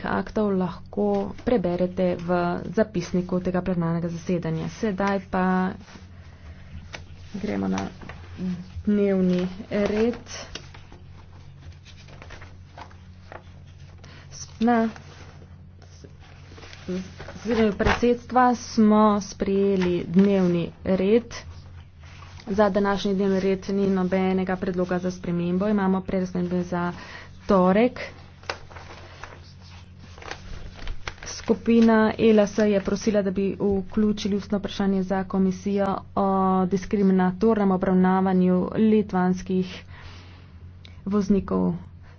teh aktov lahko preberete v zapisniku tega plenarnega zasedanja. Sedaj pa gremo na dnevni red. Na zredu predsedstva smo sprejeli dnevni red. Za današnji dnevni red ni nobenega predloga za spremembo. Imamo predstavljanje za torek. skupina ELS je prosila, da bi vključili ustno vprašanje za komisijo o diskriminatornem obravnavanju litvanskih voznikov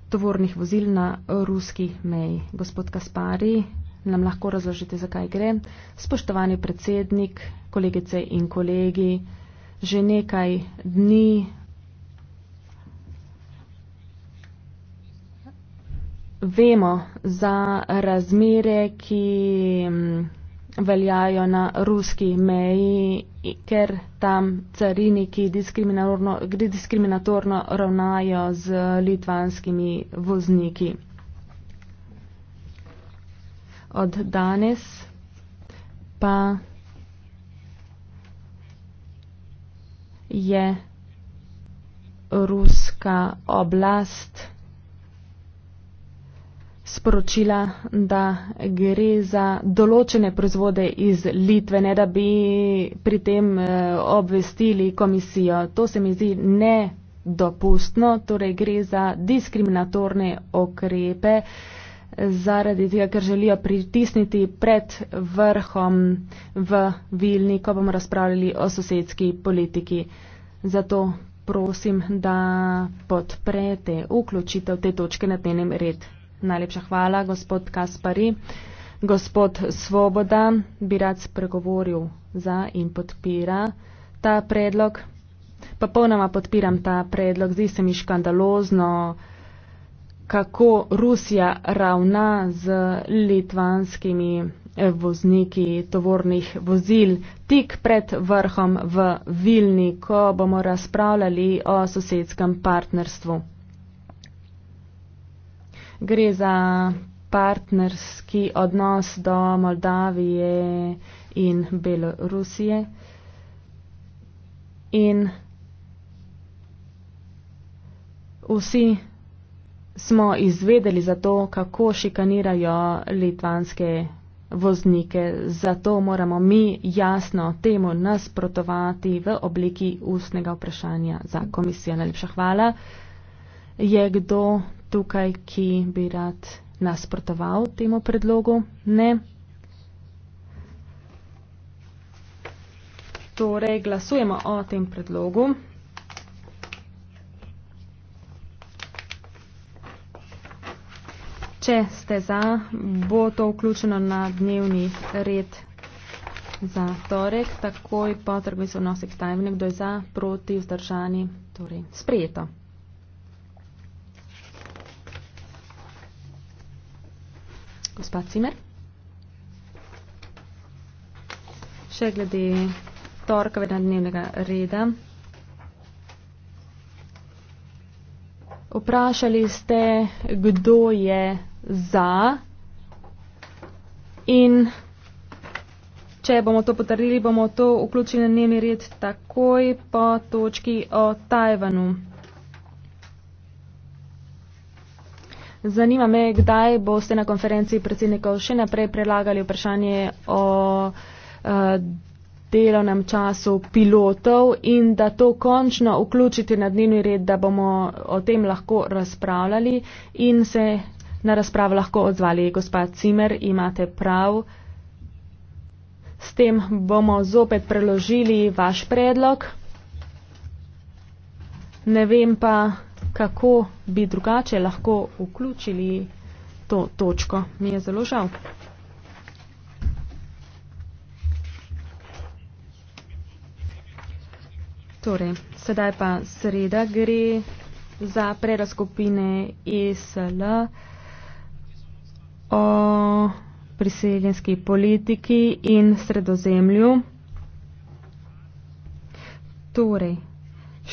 tovornih vozil na ruski meji. Gospod Kaspari, nam lahko razložite, zakaj gre. Spoštovani predsednik, kolegice in kolegi, že nekaj dni vemo za razmere, ki mm, veljajo na ruski meji, ker tam cariniki diskriminatorno, diskriminatorno ravnajo z litvanskimi vozniki. Od danes pa je ruska oblast sporočila, da gre za določene proizvode iz Litve, ne da bi pri tem eh, obvestili komisijo. To se mi zdi nedopustno, torej gre za diskriminatorne okrepe, zaradi tega, ker želijo pritisniti pred vrhom v Vilni, ko bomo razpravljali o sosedski politiki. Zato prosim, da podprete vključitev te točke na dnevni red. Najlepša hvala, gospod Kaspari. Gospod Svoboda bi rad spregovoril za in podpira ta predlog. Pa polnoma podpiram ta predlog. Zdi se mi škandalozno, kako Rusija ravna z litvanskimi eh, vozniki tovornih vozil tik pred vrhom v Vilni, ko bomo razpravljali o sosedskem partnerstvu gre za partnerski odnos do Moldavije in Belorusije. In vsi smo izvedeli za to, kako šikanirajo litvanske voznike. Zato moramo mi jasno temu nasprotovati v obliki ustnega vprašanja za komisijo. Najlepša hvala. Je kdo tukaj, ki bi rad nasprotoval temu predlogu? Ne. Torej, glasujemo o tem predlogu. Če ste za, bo to vključeno na dnevni red za torek, takoj po trgovinskem nosek tajemnik, kdo je za, proti, vzdržani, torej sprejeto. Gospod Cimer. Še glede torkovega dnevnega reda. Vprašali ste, kdo je za in če bomo to potrdili, bomo to vključili na dnevni red takoj po točki o Tajvanu. Zanima me, kdaj boste na konferenciji predsednikov še naprej prelagali vprašanje o a, eh, delovnem času pilotov in da to končno vključite na dnevni red, da bomo o tem lahko razpravljali in se na razpravo lahko odzvali. Gospa Cimer, imate prav. S tem bomo zopet preložili vaš predlog. Ne vem pa, kako bi drugače lahko vključili to točko. Mi je zelo žal. Torej, sedaj pa sreda gre za preraskupine ESL o priseljenski politiki in sredozemlju. Torej,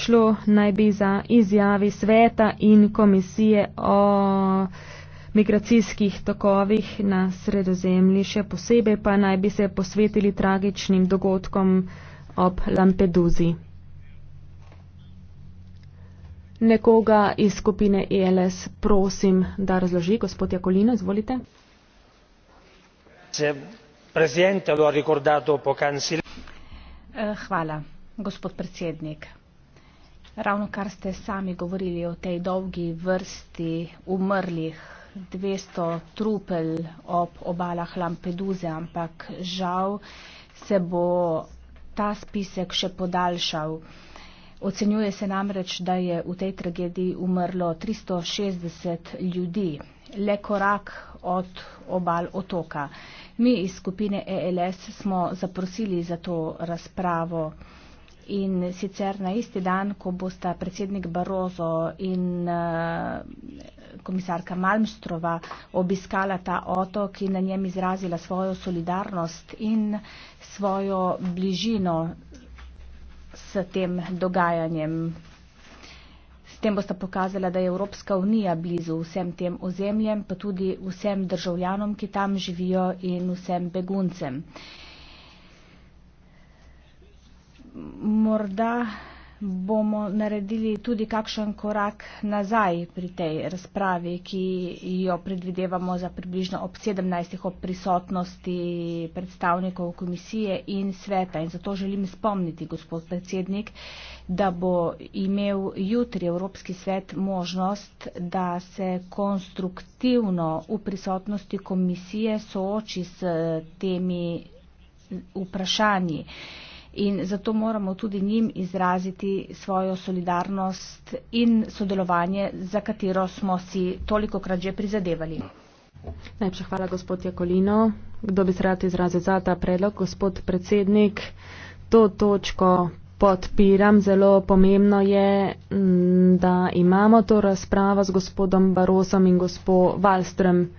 Šlo naj bi za izjavi sveta in komisije o migracijskih tokovih na sredozemlji, še posebej pa naj bi se posvetili tragičnim dogodkom ob Lampeduzi. Nekoga iz skupine ELS prosim, da razloži. Gospod Jakolino, izvolite. Eh, hvala, gospod predsednik. Ravno kar ste sami govorili o tej dolgi vrsti umrlih, 200 trupel ob obalah Lampeduze, ampak žal se bo ta spisek še podaljšal. Ocenjuje se namreč, da je v tej tragediji umrlo 360 ljudi, le korak od obal otoka. Mi iz skupine ELS smo zaprosili za to razpravo in sicer na isti dan, ko bosta predsednik Barozo in eh, komisarka Malmstrova obiskala ta otok in na njem izrazila svojo solidarnost in svojo bližino s tem dogajanjem. S tem bosta pokazala, da je Evropska unija blizu vsem tem ozemljem, pa tudi vsem državljanom, ki tam živijo in vsem beguncem morda bomo naredili tudi kakšen korak nazaj pri tej razpravi, ki jo predvidevamo za približno ob 17. ob prisotnosti predstavnikov komisije in sveta. In zato želim spomniti, gospod predsednik, da bo imel jutri Evropski svet možnost, da se konstruktivno v prisotnosti komisije sooči s temi vprašanji in zato moramo tudi njim izraziti svojo solidarnost in sodelovanje, za katero smo si toliko krat že prizadevali. Najprej hvala, gospod Jakolino. Kdo bi se rad izrazil za ta predlog? Gospod predsednik, to točko podpiram. Zelo pomembno je, da imamo to razpravo z gospodom Barosom in gospod Valstrem.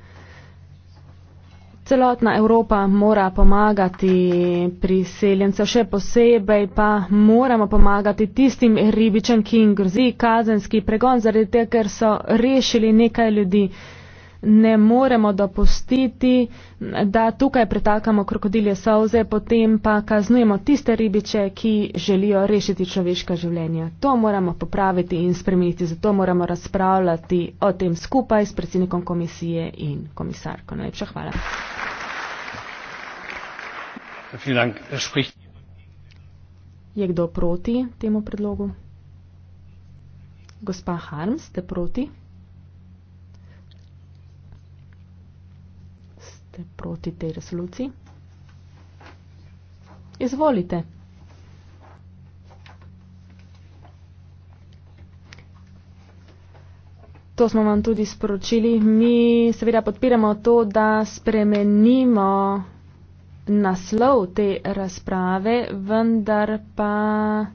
Celotna Evropa mora pomagati priseljencev, še posebej pa moramo pomagati tistim ribičem, ki jim grozi kazenski pregon, zaradi tega, ker so rešili nekaj ljudi. Ne moremo dopustiti, da tukaj pretakamo krokodilje solze, potem pa kaznujemo tiste ribiče, ki želijo rešiti človeška življenja. To moramo popraviti in spremeniti, zato moramo razpravljati o tem skupaj s predsednikom komisije in komisarko. Najlepša hvala. Er Je kdo proti temu predlogu? Gospa Harms, ste proti? Ste proti tej resoluciji? Izvolite. To smo vam tudi sporočili. Mi seveda podpiramo to, da spremenimo naslov te razprave, vendar pa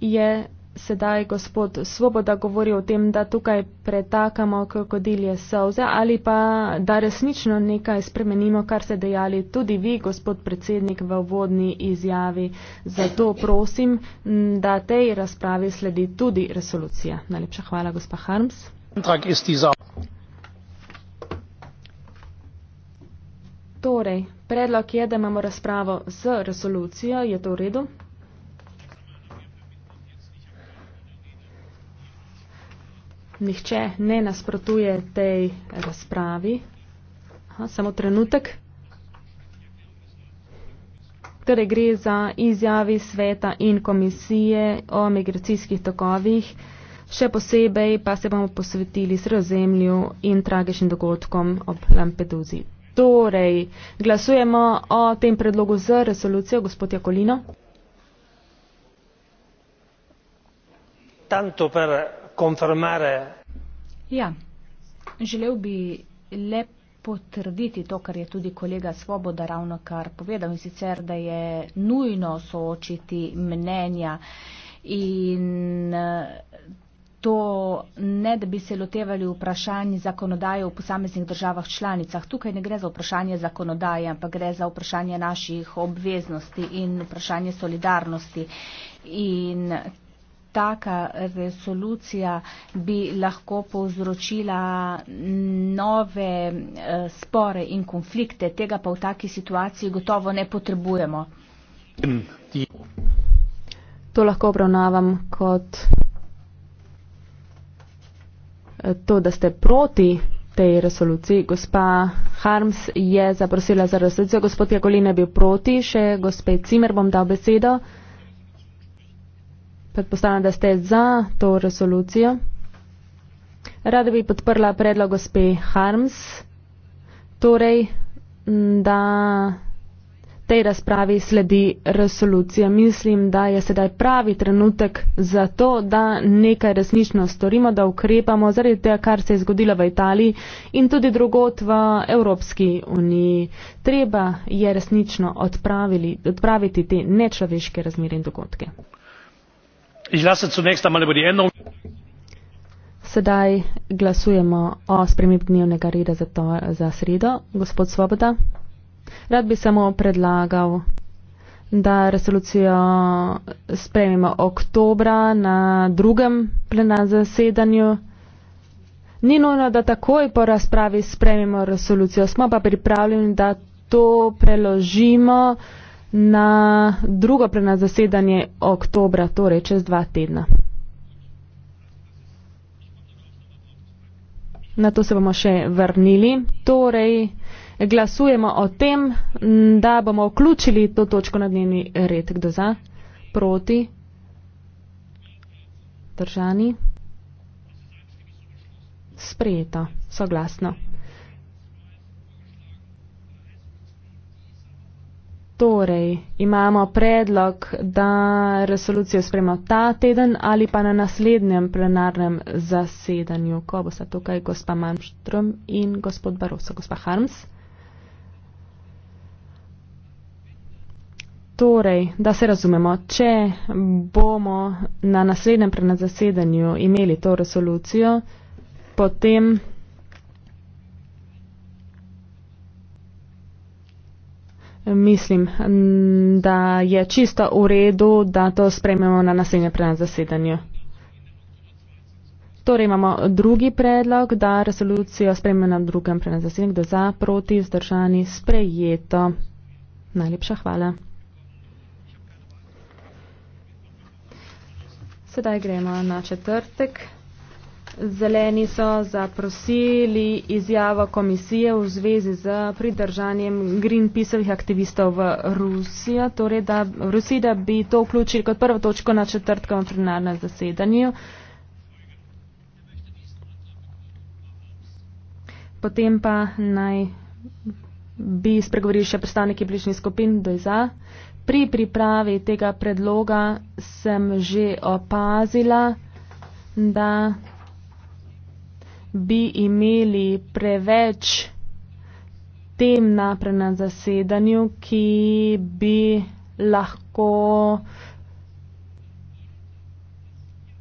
je sedaj gospod Svoboda govoril o tem, da tukaj pretakamo krokodilje solze ali pa da resnično nekaj spremenimo, kar ste dejali tudi vi, gospod predsednik, v vodni izjavi. Zato prosim, da tej razpravi sledi tudi resolucija. Najlepša hvala, gospod Harms. Torej, predlog je, da imamo razpravo z resolucijo, je to v redu? Nihče ne nasprotuje tej razpravi. Aha, samo trenutek. Torej gre za izjavi sveta in komisije o migracijskih tokovih, še posebej pa se bomo posvetili sredozemlju in tragičnim dogodkom ob Lampeduzi. Torej, glasujemo o tem predlogu za resolucijo, gospod Jakolino. Tanto per confermare. Ja, želel bi le potrditi to, kar je tudi kolega Svoboda ravno kar povedal in sicer, da je nujno soočiti mnenja in to ne, da bi se lotevali vprašanj zakonodaje v posameznih državah članicah. Tukaj ne gre za vprašanje zakonodaje, ampak gre za vprašanje naših obveznosti in vprašanje solidarnosti. In taka resolucija bi lahko povzročila nove eh, spore in konflikte. Tega pa v taki situaciji gotovo ne potrebujemo. To lahko obravnavam kot to, da ste proti tej resoluciji. Gospa Harms je zaprosila za resolucijo, gospod Jagolin je bil proti, še gospe Cimer bom dal besedo. Predpostavljam, da ste za to resolucijo. Rada bi podprla predlog gospe Harms, torej, da tej razpravi sledi resolucija. Mislim, da je sedaj pravi trenutek za to, da nekaj resnično storimo, da ukrepamo zaradi tega, kar se je zgodilo v Italiji in tudi drugot v Evropski uniji. Treba je resnično odpraviti te nečloveške razmere in dogodke. Sedaj glasujemo o spremembi dnevnega reda za, to, za sredo. Gospod Svoboda. Rad bi samo predlagal, da resolucijo sprejmemo oktobra na drugem plenarnem zasedanju. Ni nujno, da takoj po razpravi sprejmemo resolucijo. Smo pa pripravljeni, da to preložimo na drugo plenarno zasedanje oktobra, torej čez dva tedna. Na to se bomo še vrnili. Torej, glasujemo o tem, da bomo vključili to točko na dnevni red. Kdo za? Proti? Držani? Sprejeto, soglasno. Torej, imamo predlog, da resolucijo spremo ta teden ali pa na naslednjem plenarnem zasedanju, ko bo sta tukaj gospa Malmström in gospod Barosa, gospa Harms. Torej, da se razumemo, če bomo na naslednjem prenazasedanju imeli to resolucijo, potem. Mislim, da je čisto v redu, da to sprememo na naslednje prenaz zasedanju. Torej imamo drugi predlog, da resolucijo sprememo na drugem prenaz zasedanju, kdo za, proti, vzdržani, sprejeto. Najlepša hvala. Sedaj gremo na četrtek. Zeleni so zaprosili izjavo komisije v zvezi z pridržanjem Greenpeaceovih aktivistov v Rusijo, torej da Rusija, da bi to vključili kot prvo točko na četrtkovem plenarnem zasedanju. Potem pa naj bi spregovorili še predstavniki bližnjih skupin do izza. Pri pripravi tega predloga sem že opazila, da bi imeli preveč tem napre na zasedanju, ki bi lahko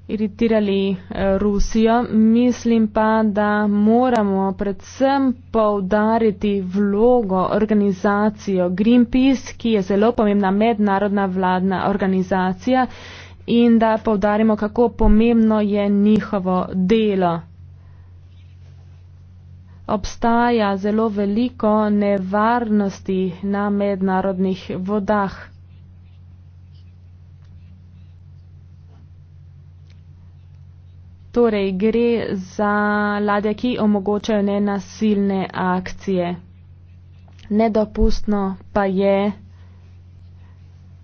iritirali eh, Rusijo, mislim pa, da moramo predvsem poudariti vlogo organizacijo Greenpeace, ki je zelo pomembna mednarodna vladna organizacija in da poudarimo, kako pomembno je njihovo delo. Obstaja zelo veliko nevarnosti na mednarodnih vodah. Torej, gre za ladje, ki omogočajo nenasilne akcije. Nedopustno pa je,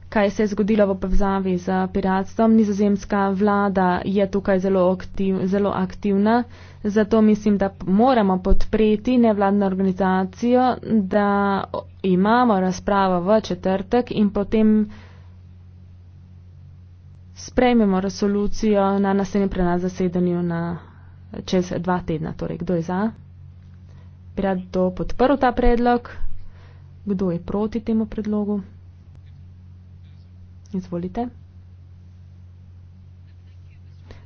kaj se je zgodilo v povzavi z piratstvom. Nizozemska vlada je tukaj zelo, aktiv, zelo aktivna, zato mislim, da moramo podpreti nevladno organizacijo, da imamo razpravo v četrtek in potem sprejmemo resolucijo na naslednjem prenas zasedanju na čez dva tedna. Torej, kdo je za? Bi rad to podprl ta predlog? Kdo je proti temu predlogu? Izvolite.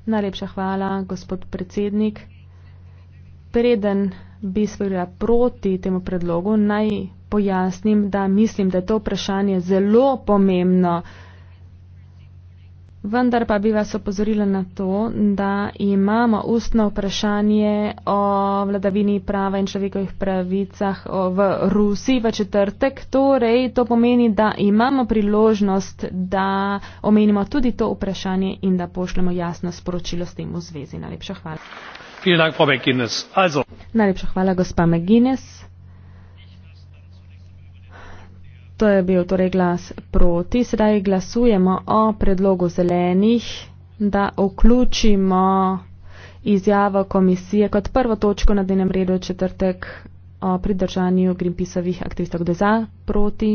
Najlepša hvala, gospod predsednik. Preden bi svojila proti temu predlogu, naj pojasnim, da mislim, da je to vprašanje zelo pomembno. Vendar pa bi vas opozorila na to, da imamo ustno vprašanje o vladavini prava in človekovih pravicah v Rusiji v četrtek. Torej, to pomeni, da imamo priložnost, da omenimo tudi to vprašanje in da pošljemo jasno sporočilo s tem v zvezi. Najlepša hvala. Dank, Najlepša hvala, gospa McGuinness. To je bil torej glas proti. Sedaj glasujemo o predlogu zelenih, da vključimo izjavo komisije kot prvo točko na dnevnem redu četrtek o pridržanju Greenpeaceovih aktivistov. Kdo je za, proti,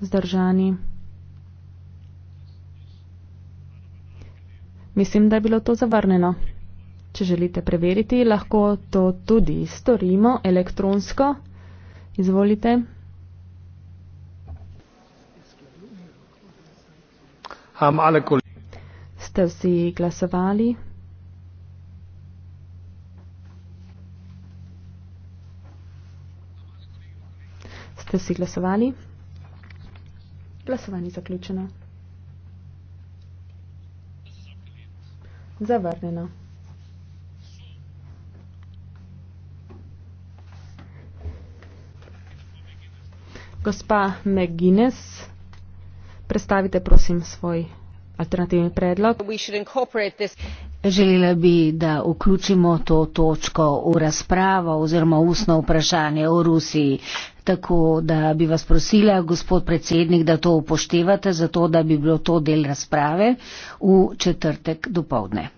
zdržani? Mislim, da je bilo to zavrneno. Če želite preveriti, lahko to tudi storimo elektronsko. Izvolite. Um, alle Ste vsi glasovali? Ste vsi glasovali? Glasovanje je zaključeno. Zavrnjeno. Gospa McGuinness predstavite prosim svoj alternativni predlog. Želela bi, da vključimo to točko v razpravo oziroma ustno vprašanje o Rusiji. Tako da bi vas prosila, gospod predsednik, da to upoštevate, zato da bi bilo to del razprave v četrtek dopovdne.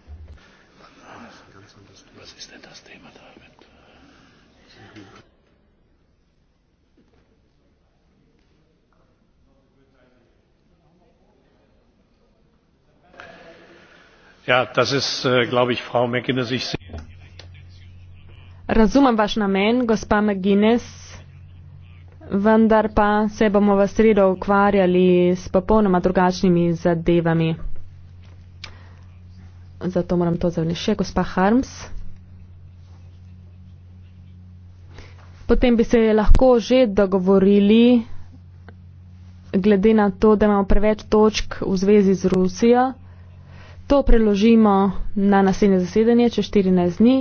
Ja, äh, razumem vaš namen gospa mcguinness vendar pa se bomo v sredo ukvarjali s popolnoma drugačnimi zadevami zato moram to zavniti še gospa harms potem bi se lahko že dogovorili glede na to da imamo preveč točk v zvezi z rusijo To preložimo na naslednje zasedanje čez 14 dni,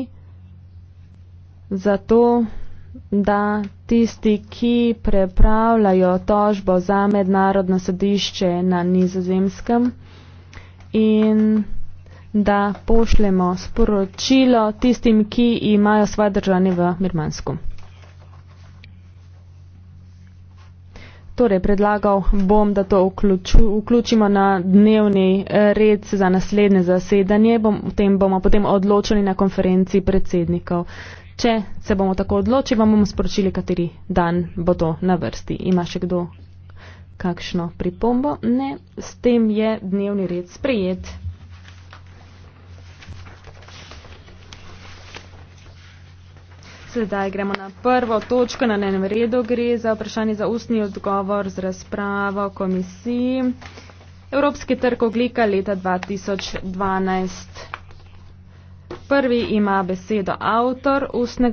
zato da tisti, ki prepravljajo tožbo za mednarodno sodišče na nizozemskem in da pošljemo sporočilo tistim, ki imajo svoje državljane v Mirmansku. Torej, predlagal bom, da to vključu, vključimo na dnevni eh, red za naslednje zasedanje. Bom, o tem bomo potem odločili na konferenci predsednikov. Če se bomo tako odločili, vam bomo sporočili, kateri dan bo to na vrsti. Ima še kdo kakšno pripombo? Ne, s tem je dnevni red sprejet. Sedaj gremo na prvo točko na enem redu. Gre za vprašanje za ustni odgovor z razpravo komisiji. Evropski trg oglika leta 2012. Prvi ima besedo avtor ustnega